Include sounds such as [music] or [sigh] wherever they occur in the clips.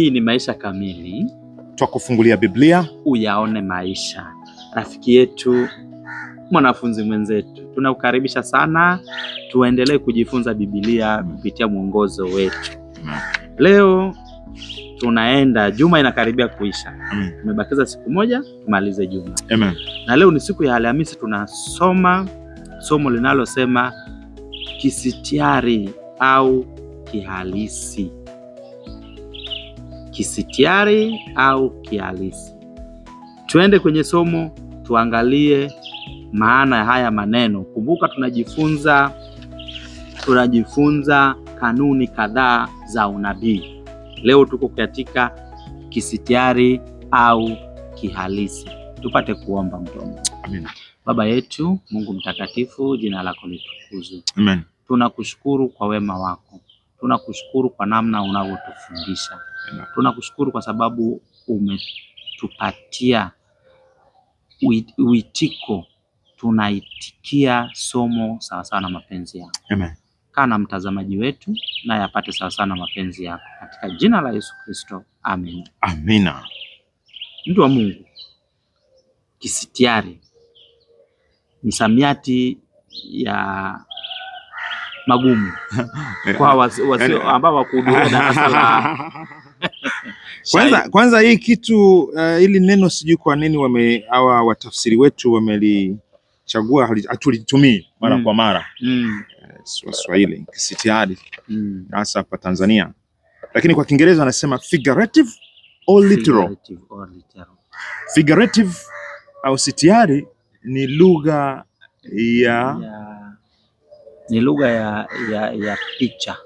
Hii ni Maisha Kamili, twa kufungulia Biblia uyaone maisha. Rafiki yetu, mwanafunzi mwenzetu, tunakukaribisha sana, tuendelee kujifunza Biblia kupitia mwongozo wetu. Leo tunaenda juma, inakaribia kuisha, tumebakiza siku moja tumalize juma. Amen. Na leo ni siku ya Alhamisi, tunasoma somo linalosema kisitiari au kihalisi kisitiari au kihalisi. Tuende kwenye somo tuangalie maana ya haya maneno. Kumbuka tunajifunza tunajifunza kanuni kadhaa za unabii. Leo tuko katika kisitiari au kihalisi. Tupate kuomba mtomo. Amen. Baba yetu Mungu mtakatifu, jina lako litukuzwe. Amen. Tunakushukuru kwa wema wako Tunakushukuru kwa namna unavyotufundisha, tunakushukuru kwa sababu umetupatia uitiko, tunaitikia somo sawasawa na mapenzi yako. Amen. Kaa na mtazamaji wetu naye apate sawasawa na mapenzi yako, katika jina la Yesu Kristo, amina. Amina. Mtu wa Mungu, kisitiari ni samiati ya magumu [laughs] kwa wasio ambao wakuhudhuria [laughs] darasa la [laughs] kwanza kwanza hii kitu uh, eh, ili neno sijui kwa nini wame hawa watafsiri wetu wamelichagua, hatulitumii mara mm. kwa mara mm. Eh, Swahili kisitiari mm. hasa mm. hapa Tanzania, lakini kwa Kiingereza wanasema figurative or literal. Figurative au sitiari ni lugha ya yeah. Ni lugha ya, ya, ya picha,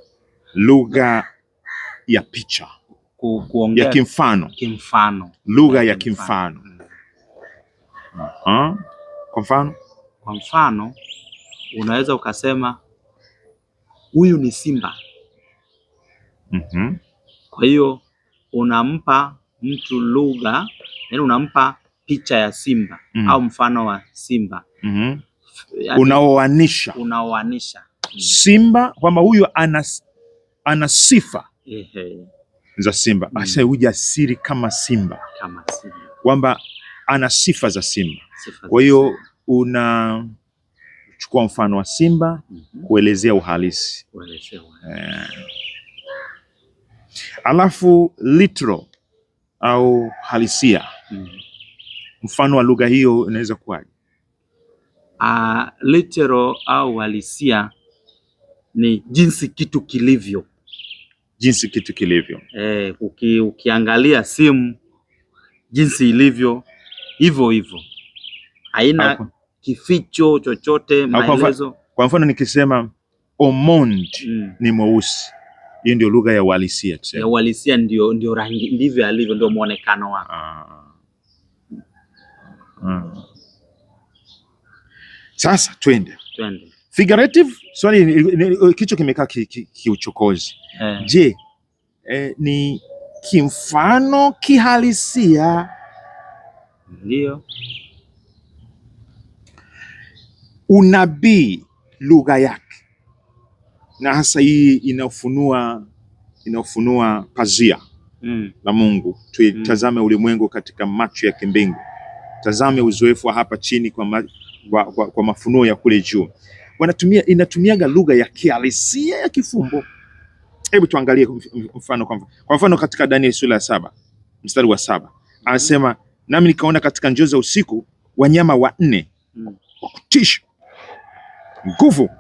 lugha ya picha ku, kuongea ya kimfano, kimfano, lugha ya kimfano. Mm. Kwa mfano, kwa mfano unaweza ukasema huyu ni simba. mm -hmm. Kwa hiyo unampa mtu lugha, yaani unampa picha ya simba mm -hmm. au mfano wa simba mm -hmm unaoanisha unaoanisha hmm. Simba kwamba huyu ana ana sifa za Simba hmm. asa ujasiri kama Simba kama Simba kwamba ana sifa za Simba. Kwa hiyo unachukua mfano wa Simba mm -hmm. kuelezea uhalisi yeah. Eh. Alafu litro au halisia mm -hmm. mfano wa lugha hiyo inaweza kuwaje? uh, literal au halisia ni jinsi kitu kilivyo, jinsi kitu kilivyo. Eh, uki, ukiangalia simu jinsi ilivyo hivyo hivyo, haina kificho chochote, maelezo. Kwa mfano nikisema Omond mm. ni mweusi, hiyo ndio lugha ya uhalisia tuseme. Ya uhalisia ndio ndio rangi, ndivyo alivyo, ndio muonekano wake. ah. ah. Sasa twende twende figurative. Swali kichwa kimekaa kiuchokozi ki, ki, eh. je, eh, ni kimfano kihalisia? Ndio. Unabii lugha yake, na hasa hii inafunua inafunua pazia mm. la Mungu. Tuitazame mm. ulimwengu katika macho ya kimbingu, tazame uzoefu wa hapa chini kwa wa, wa, kwa mafunuo ya kule juu wanatumia inatumiaga lugha ya kihalisia ya kifumbo. Hebu tuangalie mfano, kwa mfano katika Danieli sura ya saba mstari wa saba anasema nami nikaona katika njozi za usiku wanyama wanne wa kutisha nguvu,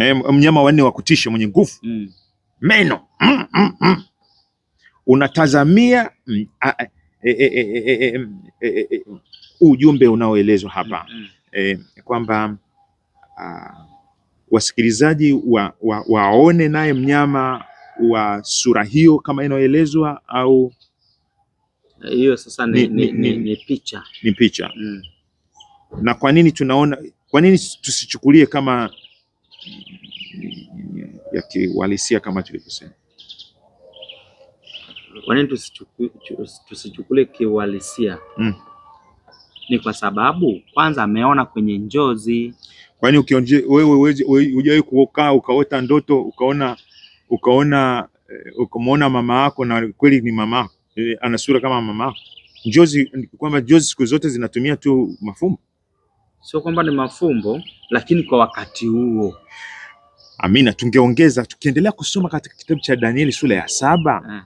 e, mnyama wanne wa kutisha mwenye nguvu mm. meno mm, mm, mm. unatazamia mm, a, e, e, e, e, e, e, e, e ujumbe unaoelezwa hapa mm -hmm. e, kwamba uh, wasikilizaji wa, wa, waone naye mnyama wa sura hiyo kama inayoelezwa au hiyo sasa ni, ni, ni, ni, ni picha, ni picha. Mm. Na kwa nini tunaona, kwa nini tusichukulie kama ya kiuhalisia kama tulivyosema? Kwa nini tusichukulie kiwalisia? mm. Ni kwa sababu kwanza ameona kwenye njozi. Kwani wewe hujawahi kuokaa ukaota ndoto ukaona ukaona eh, ukamwona mama yako na kweli ni mama yako, eh, ana sura kama mama yako? Njozi kwamba njozi siku zote zinatumia tu mafumbo, sio kwamba ni mafumbo, lakini kwa wakati huo. Amina, tungeongeza tukiendelea kusoma katika kitabu cha Danieli sura ya saba hmm.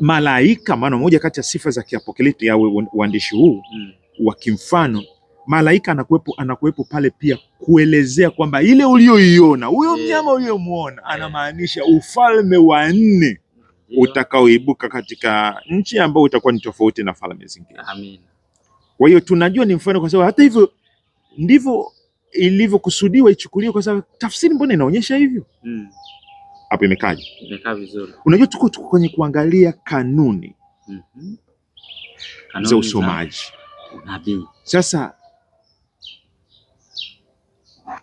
Malaika, maana moja kati ya sifa za kiapokalipti ya uandishi huu hmm wa kimfano, malaika anakuwepo, anakuwepo pale pia kuelezea kwamba ile ulioiona huyo eh. mnyama uliyomwona eh. anamaanisha ufalme wa nne utakaoibuka katika nchi ambao utakuwa ni tofauti na falme zingine. Kwa hiyo tunajua ni mfano, kwa sababu hata hivyo ndivyo ilivyokusudiwa ichukuliwe, kwa sababu tafsiri mbona inaonyesha hivyo hmm. hapo. Hmm. Imekaja, Imekaa vizuri. Unajua tuko tuko kwenye kuangalia kanuni, mm -hmm. kanuni za usomaji nabii. Sasa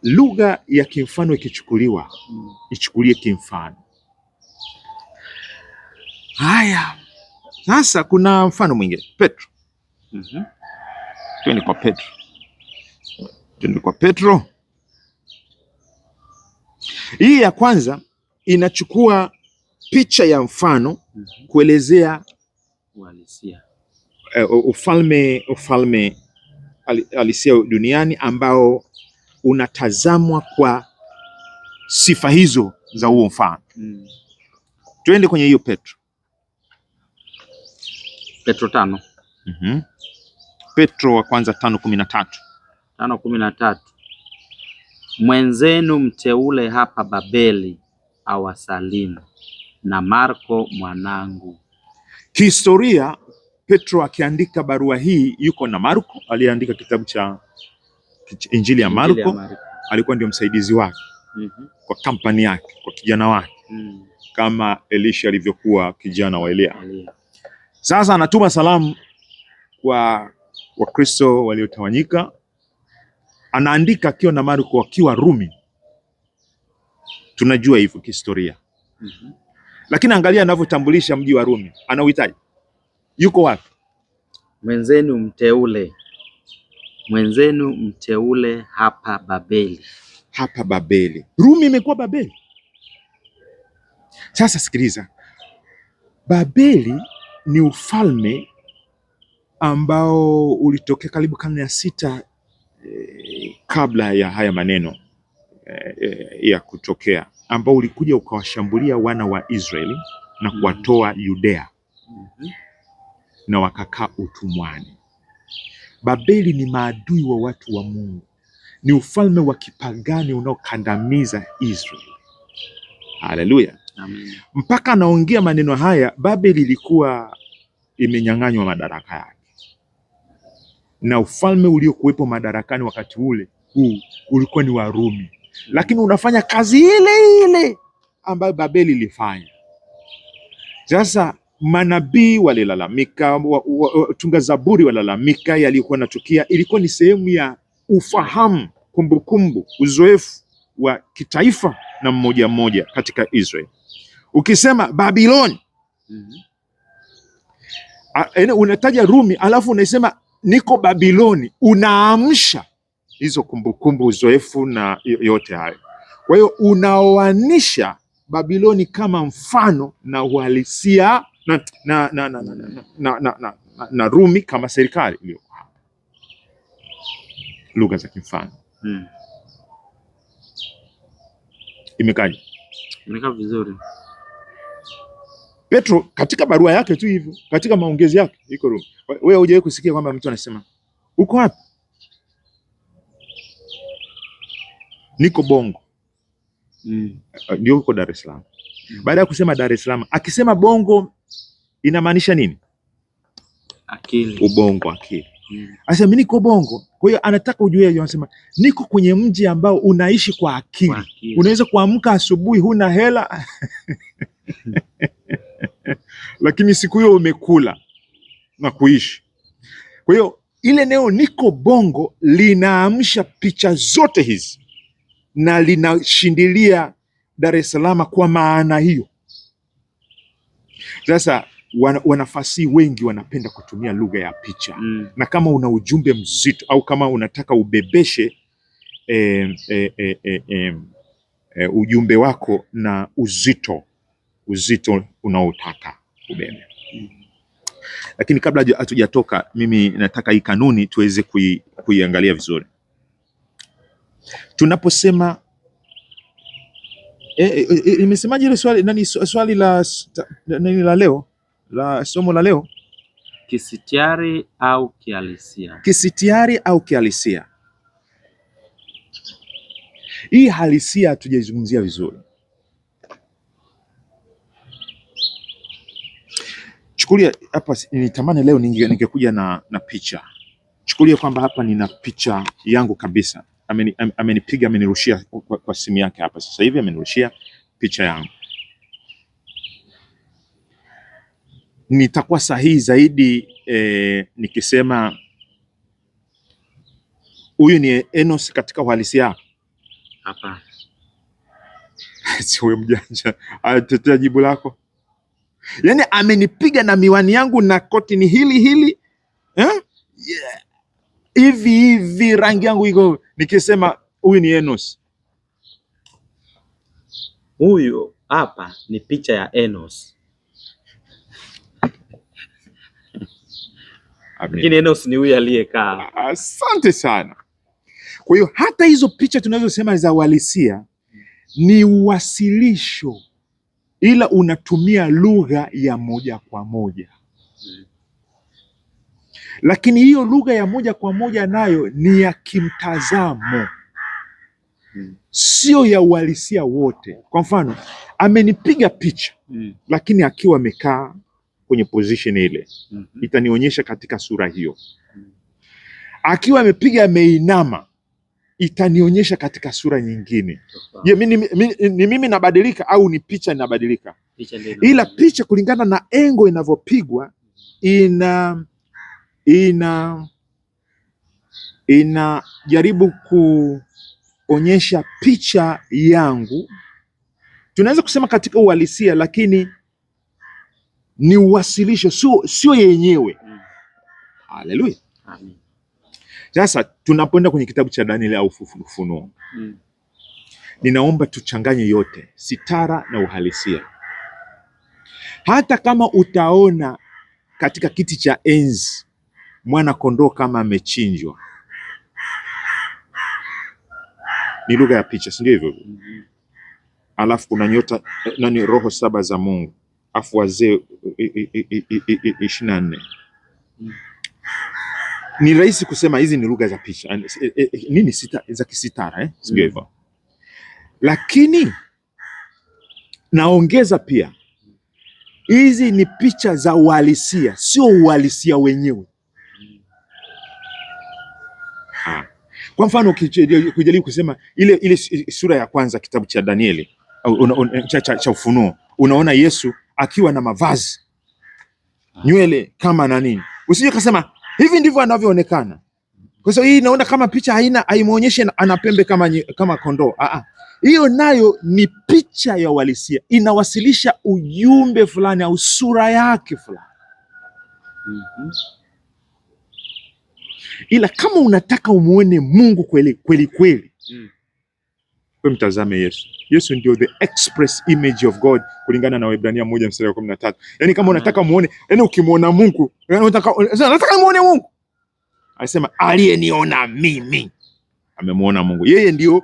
lugha ya kimfano ikichukuliwa, mm. ichukulie kimfano. Haya, sasa kuna mfano mwingine Petro. mm -hmm. Twende kwa Petro, twende kwa Petro. Hii ya kwanza inachukua picha ya mfano mhm. kuelezea uhalisia Eh, ufalme ufalme halisia duniani ambao unatazamwa kwa sifa hizo za huo mfano mm. Tuende kwenye hiyo Petro Petro tano mm -hmm. Petro wa kwanza tano kumi na tatu tano kumi na tatu mwenzenu mteule hapa Babeli awasalimu na Marko mwanangu. Kihistoria Petro akiandika barua hii yuko na Marko aliyeandika kitabu cha Injili ya Marko, alikuwa ndio msaidizi wake mm -hmm. kwa kampani yake, kwa kijana wake mm. kama Elisha alivyokuwa kijana wa Elia. Sasa anatuma salamu kwa Wakristo waliotawanyika, anaandika akiwa na Marko akiwa Rumi, tunajua hivyo kihistoria mm -hmm. Lakini angalia anavyotambulisha mji wa Rumi, anauhitaji yuko wapi? Mwenzenu mteule, mwenzenu mteule hapa Babeli, hapa Babeli. Rumi imekuwa Babeli. Sasa sikiliza, Babeli ni ufalme ambao ulitokea karibu karne ya sita eh, kabla ya haya maneno eh, eh, ya kutokea, ambao ulikuja ukawashambulia wana wa Israeli na kuwatoa Yudea. mm -hmm na wakakaa utumwani. Babeli ni maadui wa watu wa Mungu, ni ufalme wa kipagani unaokandamiza Israeli. Haleluya, Mpaka anaongea maneno haya, Babeli ilikuwa imenyang'anywa madaraka yake na ufalme uliokuwepo madarakani wakati ule huu ulikuwa ni Warumi, lakini unafanya kazi ile ile ambayo Babeli ilifanya. Sasa Manabii walilalamika, wa, wa, tunga zaburi walalamika yaliyokuwa natukia. Ilikuwa ni sehemu ya ufahamu, kumbukumbu, uzoefu wa kitaifa na mmoja mmoja katika Israeli. Ukisema Babiloni mm -hmm. unataja Rumi alafu unasema niko Babiloni, unaamsha hizo kumbukumbu, uzoefu na yote hayo. Kwa hiyo unaoanisha Babiloni kama mfano na uhalisia na, na, na, na, na, na, na, na Rumi kama serikali iliyoko hapa, lugha za kimfano hmm. Imekaja imekaa vizuri. Petro katika barua yake tu hivyo, katika maongezi yake iko Rumi. Wewe hujawahi kusikia kwamba mtu anasema uko wapi? Niko Bongo, hmm. ndio Uko Dar es Salaam Mm-hmm. baada ya kusema Dar es Salaam, akisema bongo inamaanisha nini? Akili. Ubongo, akili. Asa mimi niko bongo. Kwa hiyo anataka ujue, anasema niko kwenye mji ambao unaishi kwa akili, akili. Unaweza kuamka asubuhi huna hela [laughs] lakini siku hiyo umekula na kuishi. Kwa hiyo ile neno niko bongo linaamsha picha zote hizi na linashindilia Dar es Salaam kwa maana hiyo. Sasa wana, wanafasihi wengi wanapenda kutumia lugha ya picha mm. na kama una ujumbe mzito au kama unataka ubebeshe eh, eh, eh, eh, eh, eh, ujumbe wako na uzito uzito unaotaka ubebe mm. Lakini kabla hatujatoka, mimi nataka hii kanuni tuweze kui, kuiangalia vizuri tunaposema Eh, eh, eh, imesemaje ile swali nani, swali la nani la leo la somo la leo, kisitiari au kihalisia? Kisitiari au kihalisia, hii halisia hatujaizungumzia vizuri. Chukulia hapa, nitamani leo ningekuja na, na picha. Chukulia kwamba hapa nina picha yangu kabisa amenipiga amenirushia kwa, kwa simu yake hapa sasa hivi amenirushia picha yangu. Nitakuwa sahihi zaidi eh, nikisema huyu ni Enos katika uhalisia. Hapana, [laughs] si huyo mjanja atetea jibu lako. Yaani amenipiga na miwani yangu na koti ni hili hili eh? yeah hivi hivi, rangi yangu iko, nikisema huyu ni Enos. Huyu hapa ni picha ya Enos, lakini Enos ni huyu aliyekaa. Asante sana. Kwa hiyo hata hizo picha tunazosema za uhalisia ni uwasilisho, ila unatumia lugha ya moja kwa moja. Mm lakini hiyo lugha ya moja kwa moja nayo ni ya kimtazamo, hmm. sio ya uhalisia wote. Kwa mfano, amenipiga picha mm. lakini akiwa amekaa kwenye position ile mm -hmm. itanionyesha katika sura hiyo mm. akiwa amepiga ameinama itanionyesha katika sura nyingine. Je, ni mimi nabadilika au ni picha inabadilika? Picha, ila picha kulingana na engo inavyopigwa ina ina inajaribu kuonyesha picha yangu, tunaweza kusema katika uhalisia, lakini ni uwasilisho, sio sio yenyewe. Haleluya! Amen. Sasa tunapoenda kwenye kitabu cha Danieli au Ufunuo mm. Ninaomba tuchanganye yote, sitara na uhalisia. Hata kama utaona katika kiti cha enzi mwana kondoo kama amechinjwa. Ni lugha ya picha, si ndio hivyo? Alafu kuna nyota eh, nani, roho saba za Mungu, afu wazee eh, eh, ishirini na nne. Ni rahisi kusema hizi ni lugha za picha nini, sita, za kisitara eh? si ndio hivyo? Lakini naongeza pia hizi ni picha za uhalisia, sio uhalisia wenyewe. Kwa mfano ukijaribu kusema ile ile sura ya kwanza kitabu cha Danieli una, un, cha, cha, cha Ufunuo, unaona Yesu akiwa na mavazi nywele kama na nini, usije kasema hivi ndivyo anavyoonekana. Kwa hiyo hii inaona kama picha haina haimuonyeshi ana pembe kama, kama kondoo. Hiyo nayo ni picha ya uhalisia, inawasilisha ujumbe fulani au sura yake fulani. mm -hmm ila kama unataka umuone Mungu kweli kweli kweli, mm. we mtazame Yesu. Yesu ndio the express image of God kulingana na Waebrania moja mstari wa kumi na tatu. Yani kama unataka muone, yani ukimwona Mungu, yaani unataka unataka muone Mungu, anasema aliyeniona mimi amemwona Mungu. Yeye ndio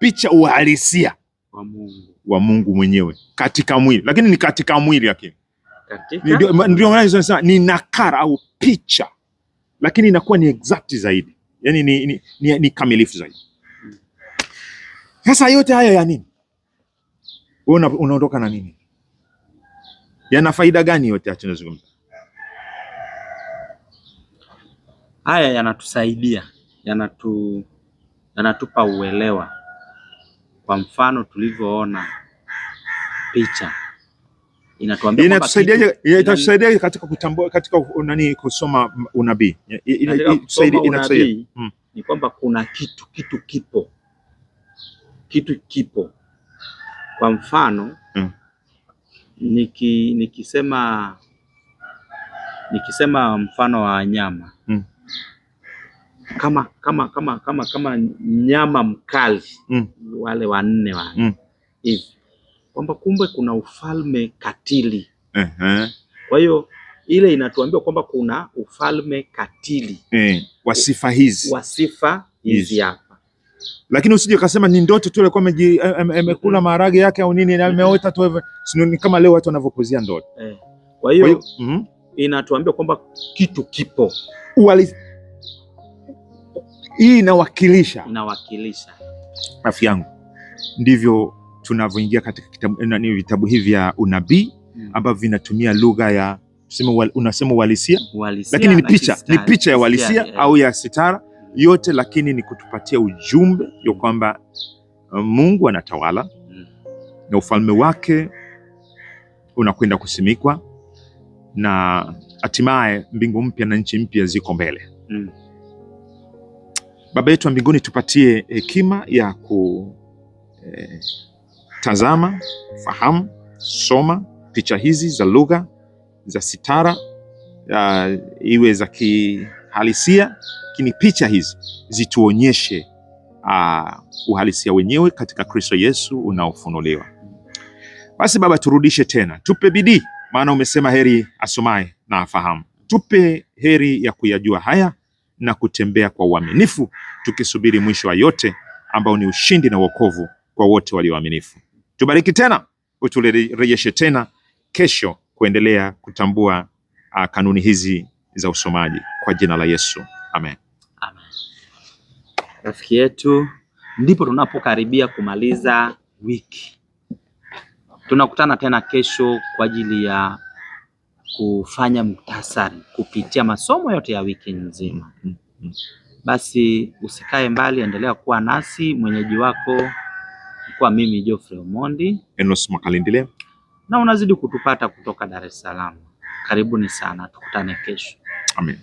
picha uhalisia wa Mungu, wa Mungu mwenyewe katika mwili, lakini ni katika mwili, lakini ndio maana ni nakara au picha lakini inakuwa ni exact zaidi, yani ni, ni, ni, ni kamilifu zaidi. Sasa yote haya ya nini? Wewe unaondoka na nini? Yana faida gani yote haya tunazungumza? Haya yanatusaidia, yanatu yanatupa uelewa, kwa mfano tulivyoona picha inatuambia inatusaidiaje? ina... katika kutambua katika nani, kusoma unabii inatusaidia mm. ni kwamba kuna kitu kitu kipo kitu kipo. Kwa mfano mm. niki, nikisema nikisema mfano wa nyama mm. kama kama kama kama kama nyama mkali mm. wale wanne wale wa mm. hivi kwamba kumbe kuna ufalme katili. Uh-huh. Kwa hiyo ile inatuambia kwamba kuna ufalme katili eh, wa sifa hizi, wa sifa hizi hapa, lakini usije kasema ni ndoto tu, alikuwa amekula maharage yake au nini na ameota tu hivyo, sio kama leo watu wanavyokuzia ndoto eh. Kwa hiyo mm-hmm. inatuambia kwamba kitu kipo Uwali... hii inawakilisha, inawakilisha afya yangu, ndivyo tunavyoingia katika kitabu, nani, vitabu hivi vya unabii mm. ambavyo vinatumia lugha ya wal, unasema uhalisia, lakini ni picha ni picha ya uhalisia au ya sitara yote, lakini ni kutupatia ujumbe ya hmm. kwamba uh, Mungu anatawala mm. na ufalme wake unakwenda kusimikwa na hatimaye mbingu mpya na nchi mpya ziko mbele mm. Baba yetu wa mbinguni, tupatie hekima ya ku eh, Tazama, fahamu, soma picha hizi za lugha za sitara uh, iwe za kihalisia, lakini picha hizi zituonyeshe uh, uhalisia wenyewe katika Kristo Yesu unaofunuliwa. Basi Baba, turudishe tena, tupe bidii, maana umesema heri asomaye na afahamu. Tupe heri ya kuyajua haya na kutembea kwa uaminifu, tukisubiri mwisho wa yote ambao ni ushindi na wokovu kwa wote walioaminifu. Tubariki tena, uturejeshe tena kesho kuendelea kutambua uh, kanuni hizi za usomaji kwa jina la Yesu amen. Amen. Rafiki yetu, ndipo tunapokaribia kumaliza wiki. Tunakutana tena kesho kwa ajili ya kufanya muhtasari kupitia masomo yote ya wiki nzima. Mm-hmm. Basi usikae mbali, endelea kuwa nasi. Mwenyeji wako kwa mimi Geoffrey Omondi, Enos Makalindile, na unazidi kutupata kutoka Dar es Salaam. Karibuni sana, tukutane kesho. Amen.